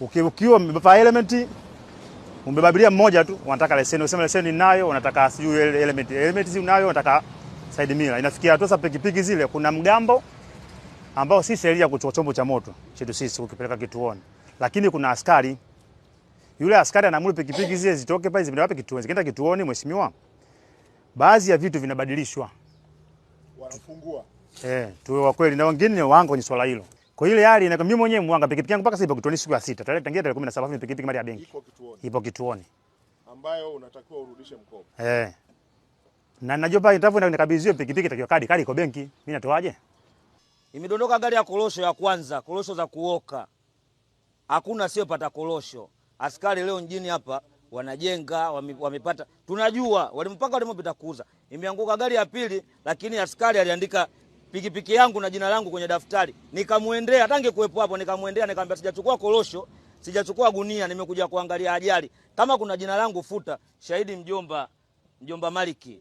ukiwa umebeba element umebeba abiria mmoja tu, wanataka leseni. Unasema leseni ninayo, unataka sijui element. Element zi unayo, unataka side mirror. Inafikia hata sasa pikipiki zile kuna mgambo ambao si sheria kuchukua chombo cha moto chetu sisi ukipeleka kituoni, lakini kuna askari yule askari anaamuru pikipiki zile zitoke pale, wapi kituoni. zikaenda kituoni, mheshimiwa, baadhi ya vitu vinabadilishwa, wanafungua eh, tuwe wa kweli na wengine wango kwenye swala hilo. Kwa ile hali inakwambia mimi mwenyewe mwanga pikipiki yangu mpaka sasa ipo kituoni siku ya sita. Tarehe tangia tarehe 17 hivi pikipiki mali ya benki. Ipo kituoni. Ipo kituoni. Ambayo unatakiwa urudishe mkopo. Eh. Na najua pale nitapoenda nikabidhiwe pikipiki takiwa kadi, kadi iko benki. Mimi natoaje? Imedondoka gari ya korosho ya kwanza, korosho za kuoka. Hakuna sio pata korosho. Askari leo mjini hapa wanajenga wamepata, tunajua walimpaka walimopita kuuza. Imeanguka gari ya pili, lakini askari aliandika pikipiki yangu na jina langu kwenye daftari, nikamwendea, hata angekuwepo hapo, nikamwendea nikamwambia, sijachukua korosho, sijachukua gunia, nimekuja kuangalia ajali. Kama kuna jina langu futa. Shahidi mjomba, mjomba Maliki,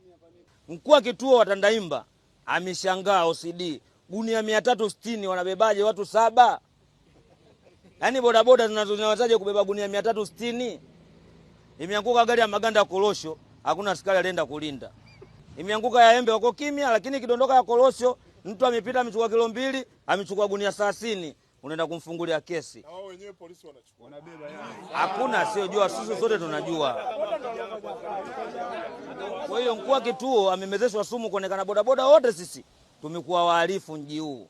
mkuu wa kituo wa Tandaimba ameshangaa OCD, gunia mia tatu sitini wanabebaje watu saba? Yaani bodaboda zinazozinawataje kubeba gunia mia tatu sitini? Imeanguka gari ya maganda ya korosho, hakuna askari alienda kulinda. Imeanguka ya embe wako kimya, lakini ikidondoka ya korosho mtu amepita amechukua kilo mbili, amechukua gunia thelathini, unaenda kumfungulia kesi. hakuna siojua sisi sote tunajua. Kwa hiyo mkuu wa kituo amemezeshwa sumu kuonekana bodaboda wote, sisi tumekuwa wahalifu mji huu,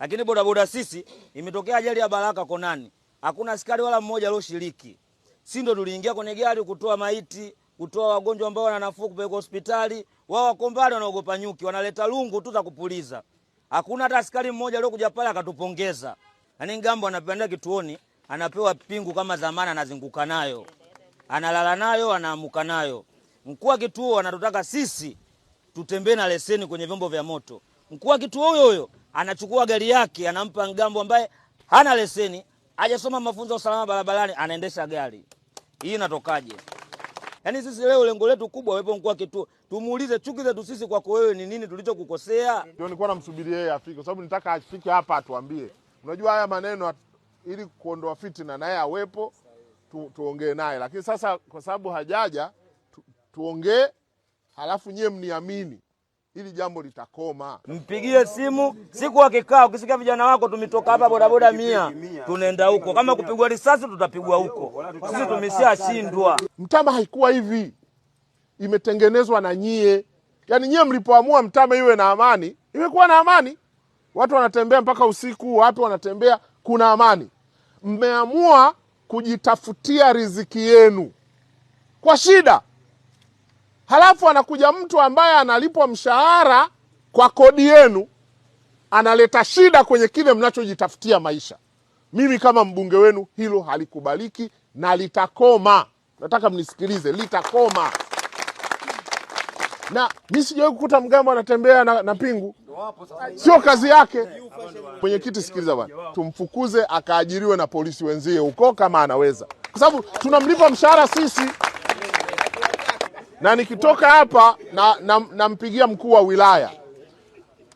lakini bodaboda sisi, imetokea ajali ya Baraka Konani, hakuna askari wala mmoja alioshiriki, si ndo tuliingia kwenye gari kutoa maiti, kutoa wagonjwa ambao wana nafuu kupeleka hospitali wao wako mbali, wanaogopa nyuki, wanaleta lungu tu za kupuliza. Hakuna hata askari mmoja aliyokuja pale akatupongeza. Yaani Ngambo anapenda kituoni, anapewa pingu kama zamani, anazunguka nayo, analala nayo, anaamuka nayo. Mkuu wa kituo anatutaka sisi tutembee na leseni kwenye vyombo vya moto. Mkuu wa kituo huyo huyo anachukua gari yake anampa Ngambo ambaye hana leseni, hajasoma mafunzo ya usalama barabarani, anaendesha gari. Hii inatokaje? Yaani sisi leo lengo letu kubwa wewe unakuwa kituo. Tumuulize chuki zetu sisi kwako wewe ni nini tulichokukosea? Ndio nilikuwa namsubiri yeye afike kwa sababu nitaka afike hapa atuambie. Unajua haya maneno ili kuondoa fitina na yeye awepo tu, tuongee naye. Lakini sasa kwa sababu hajaja tu, tuongee halafu nyie mniamini hili jambo litakoma. Mpigie simu siku wa ukisikia vijana wako tumetoka hapa bodaboda mia, tunaenda huko. Kama kupigwa risasi, tutapigwa huko. Sisi tumeshashindwa. Mtama haikuwa hivi, imetengenezwa na nyie. Yaani nyie mlipoamua Mtama iwe na amani, imekuwa na amani, watu wanatembea mpaka usiku, watu wanatembea, kuna amani. Mmeamua kujitafutia riziki yenu kwa shida halafu anakuja mtu ambaye analipwa mshahara kwa kodi yenu, analeta shida kwenye kile mnachojitafutia maisha. Mimi kama mbunge wenu hilo halikubaliki na litakoma. Nataka mnisikilize, litakoma. Na mi sijawahi kukuta Mgambo anatembea na, na pingu, sio kazi yake. Mwenyekiti, sikiliza bwana, tumfukuze akaajiriwe na polisi wenzie huko kama anaweza, kwa sababu tunamlipa mshahara sisi na nikitoka hapa nampigia na, na mkuu wa wilaya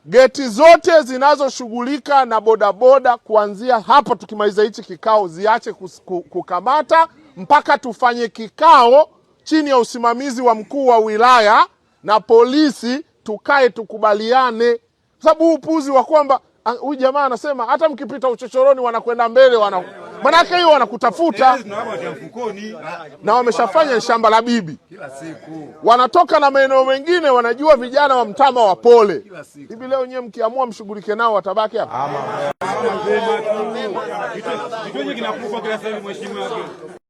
geti zote zinazoshughulika na bodaboda kuanzia hapa tukimaliza hichi kikao ziache kukamata mpaka tufanye kikao chini ya usimamizi wa mkuu wa wilaya na polisi, tukae tukubaliane, kwa sababu huu upuzi wa kwamba huyu jamaa anasema hata mkipita uchochoroni wanakwenda mbele wana manake hiyo wanakutafuta na wameshafanya shamba la bibi wanatoka na maeneo mengine wanajua vijana wa mtama wa pole hivi leo nyewe mkiamua mshughulike nao watabaki hapa